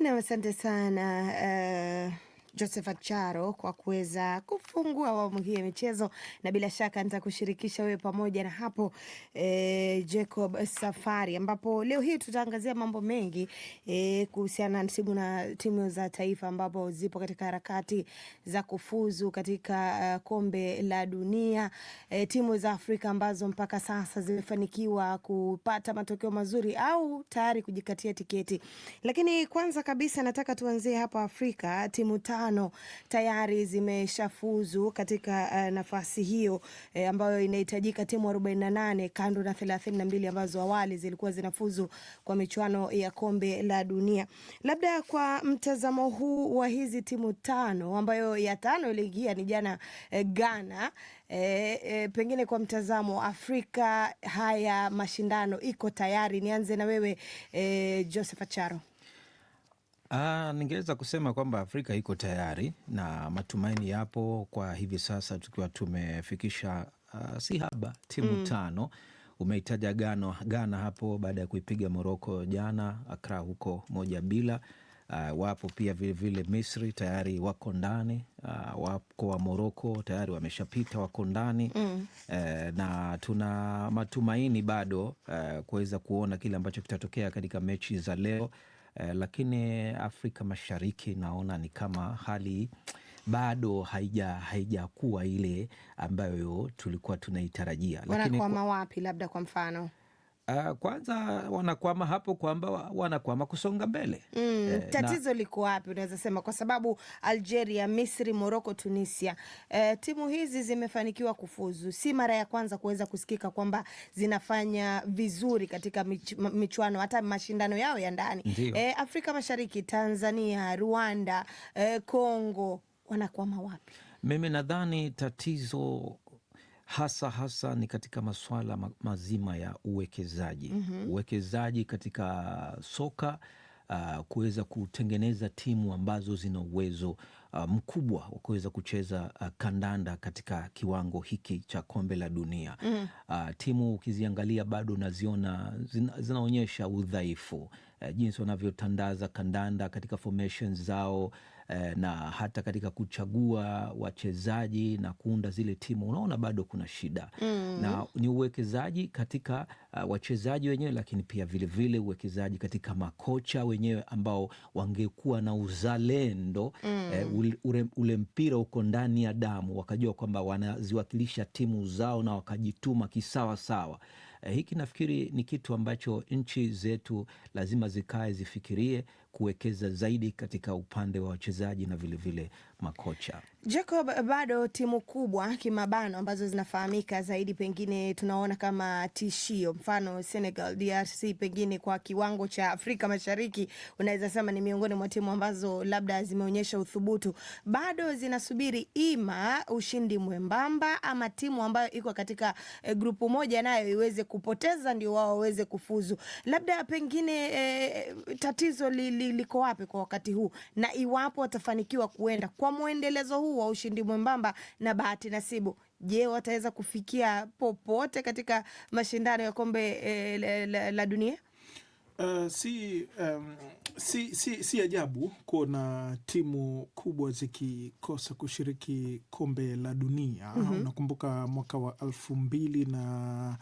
Naam, asante sana uh... Josephat Charo kwa kuweza kufungua awamu hii ya michezo, na bila shaka nitakushirikisha wewe pamoja na hapo e, Jacob Safari, ambapo leo hii tutaangazia mambo mengi e, kuhusiana na timu na timu za taifa ambapo zipo katika harakati za kufuzu katika uh, kombe la dunia e, timu za Afrika ambazo mpaka sasa zimefanikiwa kupata matokeo mazuri au tayari kujikatia tiketi. Lakini kwanza kabisa nataka tuanzie hapa Afrika, timu ta tano tayari zimeshafuzu katika uh, nafasi hiyo eh, ambayo inahitajika timu 48 kando na 32 ambazo awali zilikuwa zinafuzu kwa michuano ya kombe la dunia. Labda kwa mtazamo huu wa hizi timu tano ambayo ya tano iliingia ni jana eh, Ghana eh, eh, pengine kwa mtazamo Afrika haya mashindano iko tayari? Nianze na wewe eh, Joseph Acharo. Uh, ningeweza kusema kwamba Afrika iko tayari na matumaini yapo kwa hivi sasa tukiwa tumefikisha uh, si haba timu mm. tano. Umeitaja Gano, Ghana hapo baada ya kuipiga Moroko jana Akra huko moja bila. uh, wapo pia vile vile Misri tayari wako ndani. uh, wako wa Moroko tayari wameshapita wako ndani mm. uh, na tuna matumaini bado uh, kuweza kuona kile ambacho kitatokea katika mechi za leo eh, lakini Afrika Mashariki naona ni kama hali bado haija haijakuwa ile ambayo tulikuwa tunaitarajia. Wanakwama wapi labda kwa mfano? Uh, kwanza wanakwama hapo kwamba wanakwama kusonga mbele mm. Eh, tatizo na... liko wapi unaweza sema, kwa sababu Algeria, Misri, Morocco, Tunisia eh, timu hizi zimefanikiwa kufuzu. Si mara ya kwanza kuweza kusikika kwamba zinafanya vizuri katika mich michuano hata mashindano yao ya ndani eh, Afrika Mashariki, Tanzania, Rwanda, Kongo eh, wanakwama wapi? Mimi nadhani tatizo hasa hasa ni katika masuala mazima ya uwekezaji mm -hmm. Uwekezaji katika soka uh, kuweza kutengeneza timu ambazo zina uwezo uh, mkubwa wa kuweza kucheza uh, kandanda katika kiwango hiki cha kombe la dunia mm -hmm. Uh, timu ukiziangalia bado naziona zina, zinaonyesha udhaifu Eh, jinsi wanavyotandaza kandanda katika formations zao eh, na hata katika kuchagua wachezaji na kuunda zile timu, unaona bado kuna shida mm. na ni uwekezaji katika uh, wachezaji wenyewe, lakini pia vilevile uwekezaji katika makocha wenyewe ambao wangekuwa na uzalendo mm. eh, ule, ule, ule mpira uko ndani ya damu, wakajua kwamba wanaziwakilisha timu zao na wakajituma kisawasawa. Eh, hiki nafikiri ni kitu ambacho nchi zetu lazima zikae zifikirie kuwekeza zaidi katika upande wa wachezaji na vilevile vile makocha Jacob, bado timu kubwa kimabano ambazo zinafahamika zaidi pengine tunaona kama tishio, mfano Senegal, DRC, pengine kwa kiwango cha Afrika Mashariki unaweza sema ni miongoni mwa timu ambazo labda zimeonyesha uthubutu, bado zinasubiri ima ushindi mwembamba ama timu ambayo iko katika e, grupu moja nayo iweze kupoteza ndio wao waweze kufuzu. Labda pengine e, tatizo li, li, liko wapi kwa wakati huu na iwapo watafanikiwa kuenda kwa mwendelezo huu wa ushindi mwembamba na bahati nasibu, je, wataweza kufikia popote katika mashindano ya kombe e, la, la, la dunia? Uh, si, um, si, si, si ajabu kuona timu kubwa zikikosa kushiriki kombe la dunia. mm -hmm. Unakumbuka mwaka wa elfu mbili na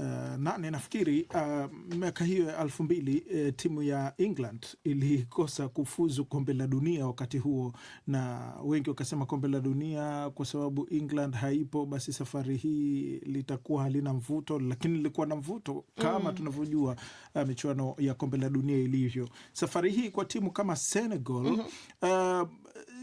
uh, nane nafikiri uh, miaka hiyo ya elfu mbili uh, timu ya England ilikosa kufuzu kombe la dunia wakati huo, na wengi wakasema kombe la dunia kwa sababu England haipo, basi safari hii litakuwa halina mvuto, lakini lilikuwa na mvuto kama mm. tunavyojua uh, michuano ya kombe la dunia ilivyo. Safari hii kwa timu kama Senegal mm -hmm. uh,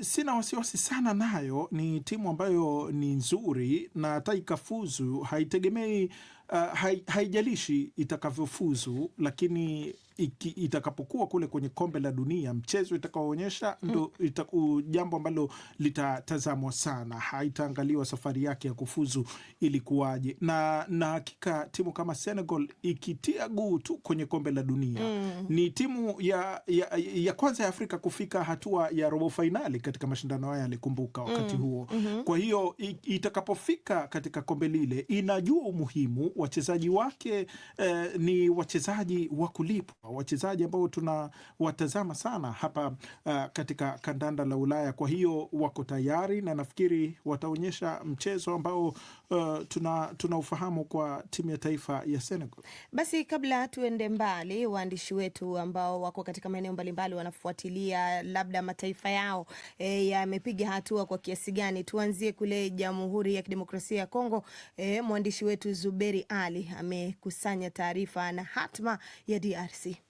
sina wasiwasi sana nayo. Ni timu ambayo ni nzuri na hata ikafuzu, haitegemei Uh, haijalishi itakavyofuzu, lakini iki, itakapokuwa kule kwenye kombe la dunia mchezo itakaoonyesha mm. ndo itaku, jambo ambalo litatazamwa sana, haitaangaliwa safari yake ya kufuzu ilikuwaje, na na hakika timu kama Senegal ikitia guu tu kwenye kombe la dunia mm. ni timu ya, ya, ya kwanza ya Afrika kufika hatua ya robo fainali katika mashindano haya yalikumbuka wakati mm. huo mm -hmm. kwa hiyo itakapofika katika kombe lile inajua umuhimu wachezaji wake eh, ni wachezaji wa kulipwa, wachezaji ambao tunawatazama sana hapa uh, katika kandanda la Ulaya. Kwa hiyo wako tayari na nafikiri wataonyesha mchezo ambao uh, tuna, tuna ufahamu kwa timu ya taifa ya Senegal. Basi kabla tuende mbali, waandishi wetu ambao wako katika maeneo mbalimbali wanafuatilia labda mataifa yao e, yamepiga hatua kwa kiasi gani, tuanzie kule Jamhuri ya Kidemokrasia ya Kongo. E, mwandishi wetu Zuberi Ali amekusanya taarifa na hatma ya DRC.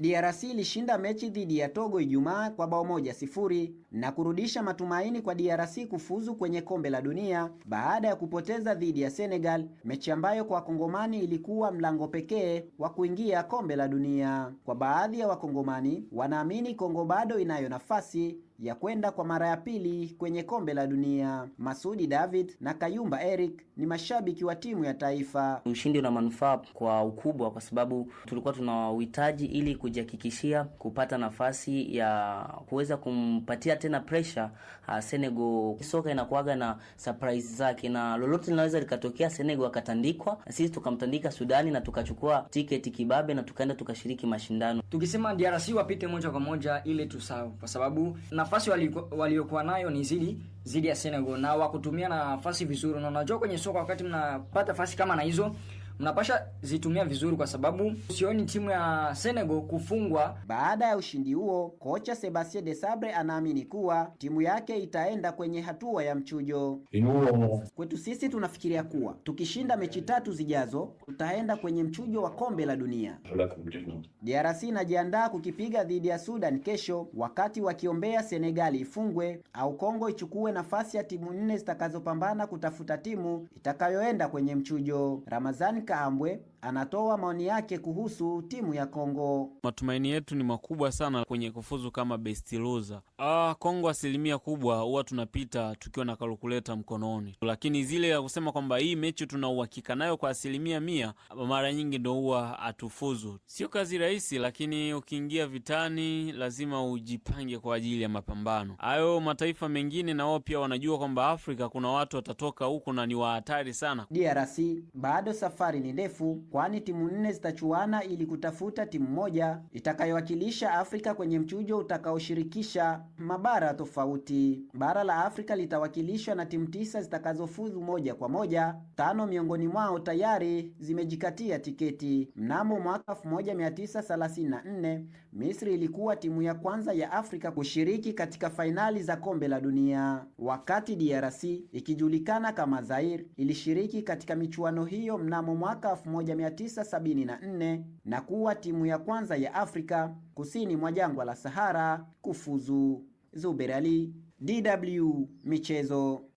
DRC ilishinda mechi dhidi ya Togo Ijumaa kwa bao moja sifuri na kurudisha matumaini kwa DRC kufuzu kwenye kombe la dunia baada ya kupoteza dhidi ya Senegal, mechi ambayo kwa Wakongomani ilikuwa mlango pekee wa kuingia kombe la dunia. Kwa baadhi ya Wakongomani, wanaamini Kongo bado inayo nafasi ya kwenda kwa mara ya pili kwenye kombe la dunia. Masudi David na Kayumba Eric ni mashabiki wa timu ya taifa. Ushindi una manufaa kwa ukubwa, kwa sababu tulikuwa tunawahitaji ili kujihakikishia kupata nafasi ya kuweza kumpatia tena pressure ah, Senegal. Soka inakuaga na surprise zake, na lolote linaweza likatokea. Senegal akatandikwa sisi tukamtandika Sudani na tukachukua tiketi kibabe na tukaenda tukashiriki mashindano, tukisema DRC wapite moja kwa moja ile tusao, kwa sababu na nafasi waliokuwa nayo ni zidi zidi ya Senegal na wakutumia nafasi vizuri, na unajua kwenye soka wakati mnapata nafasi kama na hizo mnapasha zitumia vizuri, kwa sababu sioni timu ya Senegal kufungwa. Baada ya ushindi huo, kocha Sebastien Desabre anaamini kuwa timu yake itaenda kwenye hatua ya mchujo. Kwetu sisi tunafikiria kuwa tukishinda mechi tatu zijazo tutaenda kwenye mchujo wa kombe la dunia. DRC inajiandaa kukipiga dhidi ya Sudan kesho, wakati wakiombea Senegali ifungwe au Kongo ichukue nafasi ya timu nne zitakazopambana kutafuta timu itakayoenda kwenye mchujo. Ramazani we? anatoa maoni yake kuhusu timu ya Kongo. Matumaini yetu ni makubwa sana kwenye kufuzu kama best loser. Ah, Kongo asilimia kubwa huwa tunapita tukiwa na kalkuleta mkononi, lakini zile ya kusema kwamba hii mechi tuna uhakika nayo kwa asilimia mia, mara nyingi ndo huwa hatufuzu. Sio kazi rahisi, lakini ukiingia vitani lazima ujipange kwa ajili ya mapambano hayo. Mataifa mengine na wao pia wanajua kwamba Afrika kuna watu watatoka huku na ni wahatari sana. DRC bado safari ni ndefu kwani timu nne zitachuana ili kutafuta timu moja itakayowakilisha Afrika kwenye mchujo utakaoshirikisha mabara tofauti. Bara la Afrika litawakilishwa na timu tisa zitakazofuzu moja kwa moja, tano miongoni mwao tayari zimejikatia tiketi. Mnamo mwaka 1934 Misri ilikuwa timu ya kwanza ya Afrika kushiriki katika fainali za kombe la dunia. Wakati DRC ikijulikana kama Zaire ilishiriki katika michuano hiyo mnamo mwaka 1974 na kuwa timu ya kwanza ya Afrika kusini mwa jangwa la Sahara kufuzu. Zuberali, DW Michezo.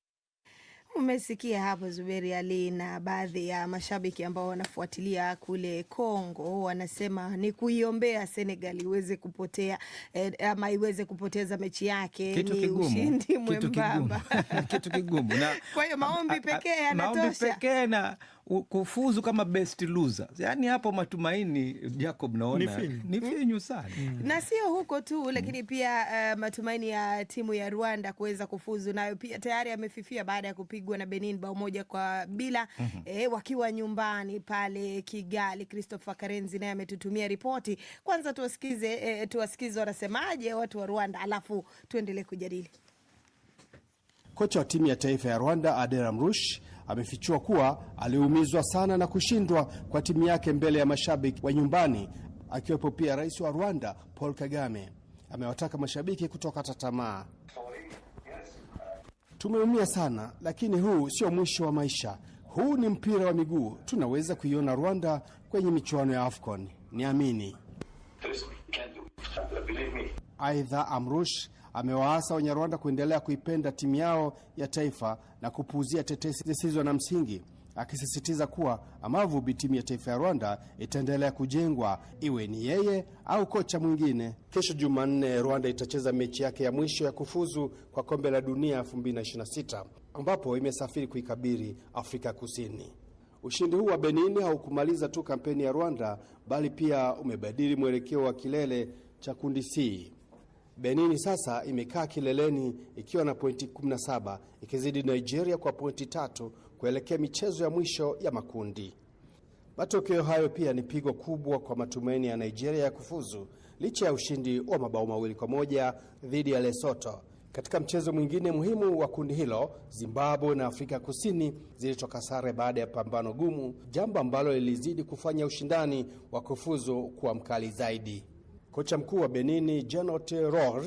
Umesikia hapo Zuberi Ali na baadhi ya mashabiki ambao wanafuatilia kule Kongo wanasema ni kuiombea Senegal iweze kupotea eh, ama iweze kupoteza mechi yake kitu ni kigumu, ushindi mwembamba kitu kigumu, kitu kigumu. Na, kwa hiyo maombi pekee yanatosha kufuzu kama best loser. Yani hapo matumaini Jacob, naona ni finyu sana mm. na sio huko tu, lakini mm. pia uh, matumaini ya timu ya Rwanda kuweza kufuzu nayo pia tayari amefifia baada ya kupigwa na Benin bao moja kwa bila mm -hmm. eh, wakiwa nyumbani pale Kigali. Christopher Karenzi naye ametutumia ripoti. Kwanza tuwasikize, eh, tuwasikize wanasemaje watu wa Rwanda, alafu tuendelee kujadili. Kocha wa timu ya taifa ya Rwanda Adera Mrush amefichua kuwa aliumizwa sana na kushindwa kwa timu yake mbele ya mashabiki wa nyumbani, akiwepo pia rais wa Rwanda Paul Kagame. Amewataka mashabiki kutokata tamaa. Tumeumia sana, lakini huu sio mwisho wa maisha. Huu ni mpira wa miguu, tunaweza kuiona Rwanda kwenye michuano ya AFCON, amini Aidha, Amrush amewaasa Wanyarwanda kuendelea kuipenda timu yao ya taifa na kupuuzia tetesi zisizo na msingi, akisisitiza kuwa Amavubi, timu ya taifa ya Rwanda, itaendelea kujengwa iwe ni yeye au kocha mwingine. Kesho Jumanne, Rwanda itacheza mechi yake ya mwisho ya kufuzu kwa kombe la dunia 2026 ambapo imesafiri kuikabiri Afrika Kusini. Ushindi huu wa Benini haukumaliza tu kampeni ya Rwanda, bali pia umebadili mwelekeo wa kilele cha kundi C Benini sasa imekaa kileleni ikiwa na pointi 17 ikizidi Nigeria kwa pointi tatu kuelekea michezo ya mwisho ya makundi. Matokeo hayo pia ni pigo kubwa kwa matumaini ya Nigeria ya kufuzu licha ya ushindi wa mabao mawili kwa moja dhidi ya Lesotho. Katika mchezo mwingine muhimu wa kundi hilo, Zimbabwe na Afrika Kusini zilitoka sare baada ya pambano gumu, jambo ambalo lilizidi kufanya ushindani wa kufuzu kuwa mkali zaidi. Kocha mkuu wa Benini Jenot Rohr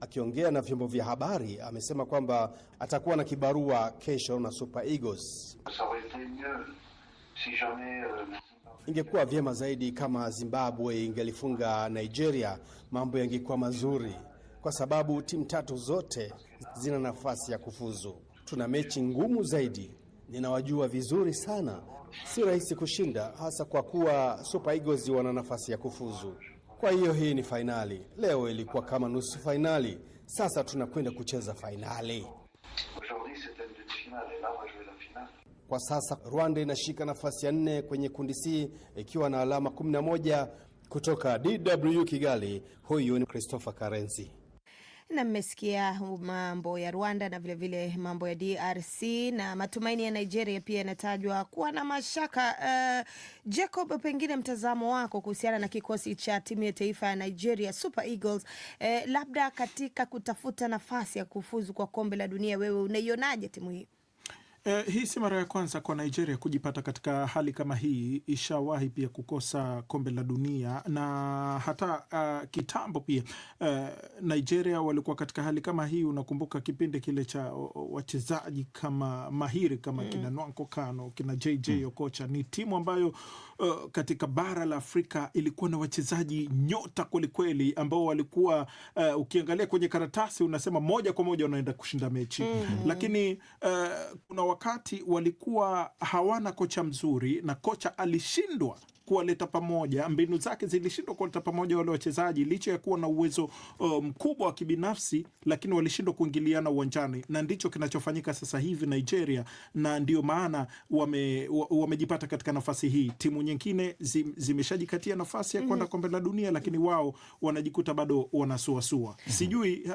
akiongea na vyombo vya habari amesema kwamba atakuwa na kibarua kesho na Super Eagles. Euh, Ingekuwa vyema zaidi kama Zimbabwe ingelifunga Nigeria, mambo yangekuwa mazuri, kwa sababu timu tatu zote zina nafasi ya kufuzu. Tuna mechi ngumu zaidi, ninawajua vizuri sana, si rahisi kushinda, hasa kwa kuwa Super Eagles wana nafasi ya kufuzu. Kwa hiyo hii ni fainali. Leo ilikuwa kama nusu fainali, sasa tunakwenda kucheza fainali. Kwa sasa Rwanda inashika nafasi ya nne kwenye kundi C ikiwa na alama 11. Kutoka DW Kigali, huyu ni Christopher Karenzi. Na mmesikia mambo ya Rwanda na vilevile vile mambo ya DRC na matumaini ya Nigeria pia yanatajwa kuwa na mashaka. Uh, Jacob, pengine mtazamo wako kuhusiana na kikosi cha timu ya taifa ya Nigeria Super Eagles, eh, labda katika kutafuta nafasi ya kufuzu kwa kombe la dunia, wewe unaionaje timu hii? Eh, hii si mara ya kwanza kwa Nigeria kujipata katika hali kama hii. Ishawahi pia kukosa kombe la dunia na hata uh, kitambo pia uh, Nigeria walikuwa katika hali kama hii. Unakumbuka kipindi kile cha wachezaji kama mahiri kama mm kina Nwanko Kano, kina JJ mm Okocha ni timu ambayo uh, katika bara la Afrika ilikuwa na wachezaji nyota kwelikweli ambao walikuwa uh, ukiangalia kwenye karatasi unasema moja kwa moja unaenda kushinda mechi mm -hmm. lakini uh, kuna wakati walikuwa hawana kocha mzuri na kocha alishindwa kuwaleta pamoja, mbinu zake zilishindwa kuwaleta pamoja wale wachezaji, licha ya kuwa na uwezo uh, mkubwa um, wa kibinafsi, lakini walishindwa kuingiliana uwanjani, na ndicho kinachofanyika sasa hivi Nigeria, na ndio maana wamejipata wame katika nafasi hii. Timu nyingine zimeshajikatia nafasi ya mhm. kwenda kombe la dunia, lakini wao wanajikuta bado wanasuasua. Mhm. Sijui uh,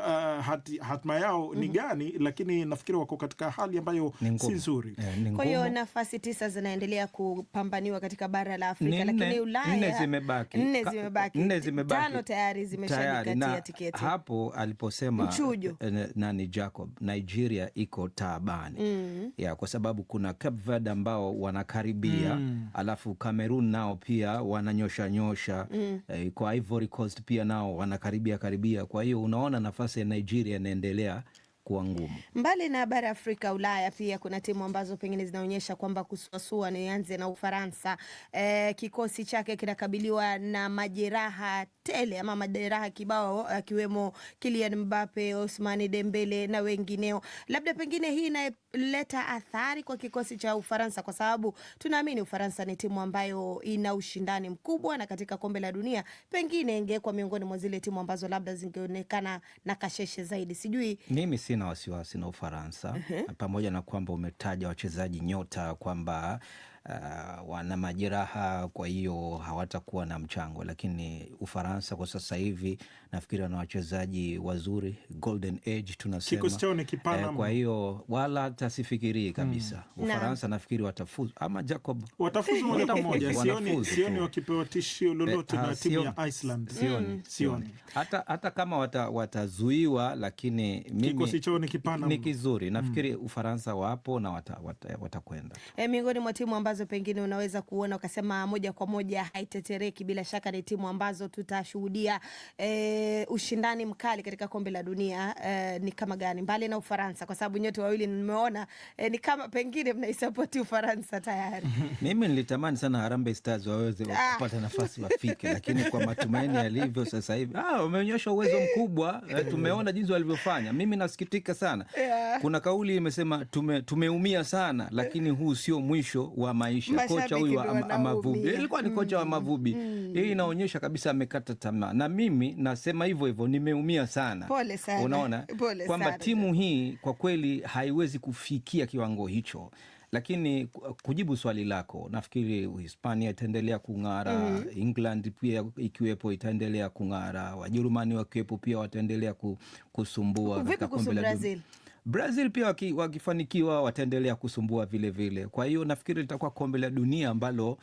hat, hatma yao ni mhm. gani, lakini nafikiri wako katika hali ambayo si nzuri. Eh, Kwa hiyo nafasi tisa zinaendelea kupambaniwa katika bara la Afrika. Ni Afrika, lakini Ulaya nne zimebaki, nne zimebaki, nne zimebaki, tano tayari zimeshajikatia tiketi. Hapo aliposema mchujo eh, eh, nani Jacob, Nigeria iko taabani mm. ya kwa sababu kuna Cape Verde ambao wanakaribia mm. alafu Cameroon nao pia wananyosha nyosha mm. eh, kwa Ivory Coast pia nao wanakaribia karibia, kwa hiyo unaona nafasi ya Nigeria inaendelea kuwa ngumu. Mbali na bara Afrika, Ulaya pia kuna timu ambazo pengine zinaonyesha kwamba kusuasua. Nianze na Ufaransa. E, kikosi chake kinakabiliwa na majeraha tele ama majeraha kibao, akiwemo Kylian Mbappe, Ousmane Dembele na wengineo. Labda pengine hii inaleta athari kwa kikosi cha Ufaransa, kwa sababu tunaamini Ufaransa ni timu ambayo ina ushindani mkubwa, na katika kombe la dunia pengine ingekuwa miongoni mwa zile timu ambazo labda zingeonekana na kasheshe zaidi. Sijui mimi sina na wasiwasi na Ufaransa uh -huh. pamoja na kwamba umetaja wachezaji nyota kwamba uh, wana majeraha, kwa hiyo hawatakuwa na mchango. Lakini Ufaransa kwa sasa hivi nafikiri wana wachezaji wazuri, golden age tunasema, eh, kwa hiyo wala hatasifikirii hmm. kabisa mm. Ufaransa na. nafikiri watafuzu ama Jacob watafuzu moja kwa moja, sioni wakipewa tishio lolote eh, na ah, timu ya Iceland, hmm, sioni hata hata kama wata, watazuiwa, lakini mimi ni kizuri hmm. nafikiri mm. Ufaransa wapo na watakwenda wata, wata, e, miongoni mwa timu ambazo pengine unaweza kuona ukasema moja kwa moja haitetereki? Bila shaka ni timu ambazo tutashuhudia e, ushindani mkali katika kombe la dunia e, ni kama gani, mbali na Ufaransa, kwa sababu nyote wawili nimeona e, ni kama pengine mnaisapoti Ufaransa tayari. Mimi nilitamani sana Harambee Stars waweze ah. kupata nafasi wafike, lakini kwa matumaini yalivyo sasa hivi, ah, wameonyesha uwezo mkubwa e, tumeona jinsi walivyofanya. Mimi nasikitika sana yeah. Kuna kauli imesema tume, tumeumia sana lakini huu sio mwisho wa maisha, kocha huyu Mavubi ilikuwa ni kocha wa mm. Mavubi. Mm. Hii inaonyesha kabisa amekata tamaa, na mimi nasema hivyo hivyo, nimeumia sana. Pole sana, unaona kwamba timu hii kwa kweli haiwezi kufikia kiwango hicho lakini kujibu swali lako, nafikiri hispania itaendelea kung'ara. mm -hmm. England pia ikiwepo itaendelea kung'ara. Wajerumani wakiwepo pia wataendelea kusumbua katika kombe la dunia. Brazil pia wakifanikiwa wataendelea kusumbua vilevile vile. Kwa hiyo nafikiri litakuwa kombe la dunia ambalo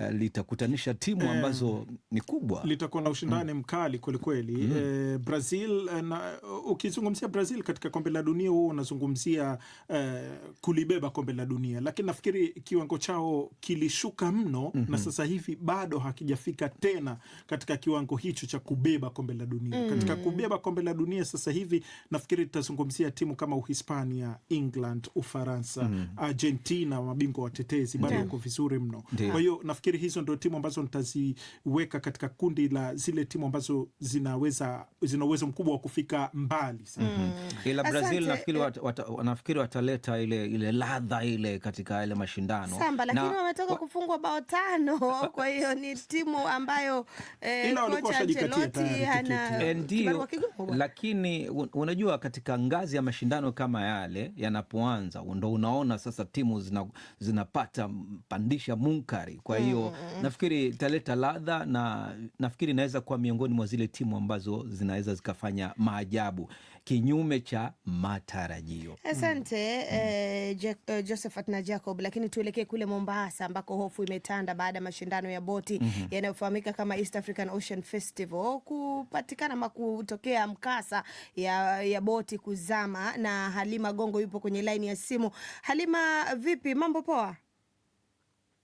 Eh, litakutanisha timu eh, ambazo eh, ni kubwa, litakuwa na mm. ushindani mm. mkali kwelikweli mm. Mm-hmm. eh, Brazil eh, na ukizungumzia Brazil katika kombe la dunia huo unazungumzia eh, kulibeba kombe la dunia, lakini nafikiri kiwango chao kilishuka mno mm -hmm. na mm-hmm. sasa hivi bado hakijafika tena katika kiwango hicho cha kubeba kombe la dunia mm. katika kubeba kombe la dunia sasa hivi nafikiri tutazungumzia timu kama Uhispania, England, Ufaransa mm. Argentina, mabingwa watetezi bado wako vizuri mno, kwa hiyo nafikiri nafikiri hizo ndo timu ambazo nitaziweka katika kundi la zile timu ambazo zinaweza zina uwezo mkubwa wa kufika mbali sana. Mm. Ila Brazil nafikiri wat, wataleta ile ile ladha ile katika ile mashindano Samba, lakini wametoka kufungwa bao tano kwa hiyo ni timu ambayo eh, kocha Ancelotti hana eh, ndio, lakini unajua katika ngazi ya mashindano kama yale yanapoanza ndo unaona sasa timu zina, zinapata pandisha munkari kwa mm. hiyo hiyo nafikiri italeta ladha na nafikiri inaweza kuwa miongoni mwa zile timu ambazo zinaweza zikafanya maajabu kinyume cha matarajio. Asante mm. mm. Eh, Jack, eh, Josephat na Jacob, lakini tuelekee kule Mombasa ambako hofu imetanda baada ya mashindano ya boti mm -hmm. yanayofahamika kama East African Ocean Festival kupatikana ama kutokea mkasa ya, ya boti kuzama, na Halima Gongo yupo kwenye laini ya simu. Halima, vipi, mambo poa?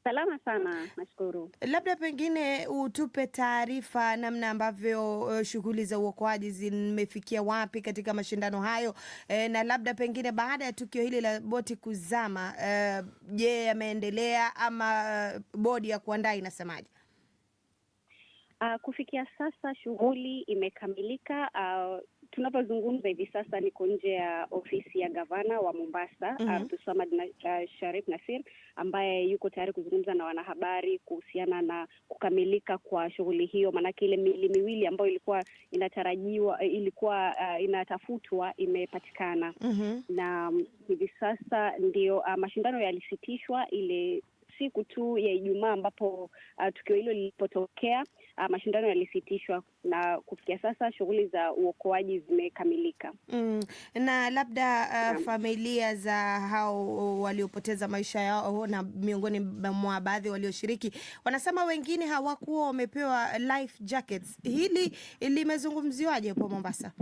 Salama sana, nashukuru. Labda pengine utupe taarifa namna ambavyo uh, shughuli za uokoaji zimefikia wapi katika mashindano hayo e, na labda pengine baada ya tukio hili la boti kuzama eh, je, uh, yameendelea ama uh, bodi ya kuandaa inasemaje? Uh, kufikia sasa shughuli imekamilika uh, tunavyozungumza hivi sasa niko nje ya ofisi ya gavana wa Mombasa mm -hmm. Abdusamad na, uh, Sharif Nasir ambaye yuko tayari kuzungumza na wanahabari kuhusiana na kukamilika kwa shughuli hiyo, maanake ile mili miwili ambayo ilikuwa inatarajiwa eh, ilikuwa uh, inatafutwa imepatikana mm -hmm. na hivi sasa ndio uh, mashindano yalisitishwa ile siku tu ya Ijumaa ambapo uh, tukio hilo lilipotokea uh, mashindano yalisitishwa na kufikia sasa shughuli za uokoaji zimekamilika. Mm, na labda uh, familia za hao waliopoteza maisha yao na miongoni mwa baadhi walioshiriki wanasema wengine hawakuwa wamepewa life jackets. Hili limezungumziwaje hapo Mombasa?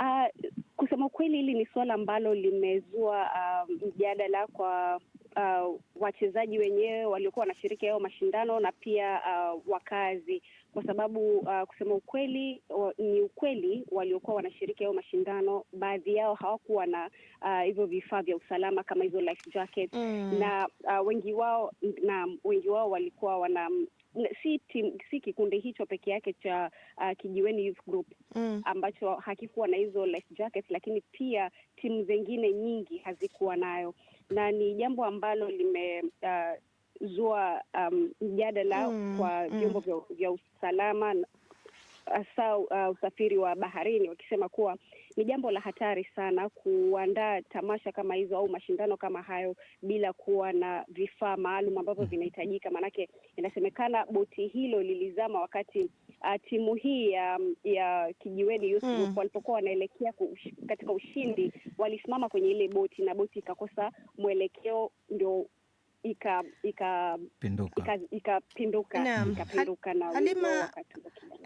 Uh, kusema ukweli, hili ni suala ambalo limezua mjadala uh, mjadala kwa uh, wachezaji wenyewe waliokuwa wanashiriki hayo mashindano na pia uh, wakazi, kwa sababu uh, kusema ukweli wa, ni ukweli waliokuwa wanashiriki hayo mashindano, baadhi yao hawakuwa na uh, hivyo uh, vifaa vya usalama kama hizo life mm. na uh, wengi wao na wengi wao walikuwa wana si team, si kikundi hicho peke yake cha uh, Kijiweni Youth Group mm. ambacho hakikuwa na hizo life jackets, lakini pia timu zingine nyingi hazikuwa nayo na na ni jambo ambalo limezua uh, um, mjadala um, mm, kwa mm. vyombo mm. vya usalama hasa uh, usafiri wa baharini, wakisema kuwa ni jambo la hatari sana kuandaa tamasha kama hizo au mashindano kama hayo bila kuwa na vifaa maalum ambavyo hmm. vinahitajika. Maanake inasemekana boti hilo lilizama wakati uh, timu hii ya um, ya kijiweni mm, walipokuwa wanaelekea katika ushindi, walisimama kwenye ile boti na boti ikakosa mwelekeo, ndio ika ikapinduka na Halima,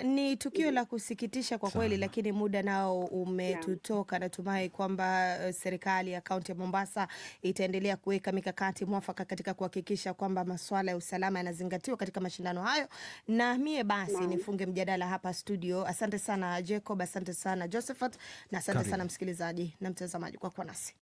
ni tukio la kusikitisha kwa kweli, lakini muda nao umetutoka. Natumai kwamba eh, serikali ya kaunti ya Mombasa itaendelea kuweka mikakati mwafaka katika kuhakikisha kwamba masuala ya usalama yanazingatiwa katika mashindano hayo. Na mie basi na nifunge mjadala hapa studio. Asante sana Jacob, asante sana Josephat, na asante Kari sana msikilizaji na mtazamaji kwa kuwa nasi.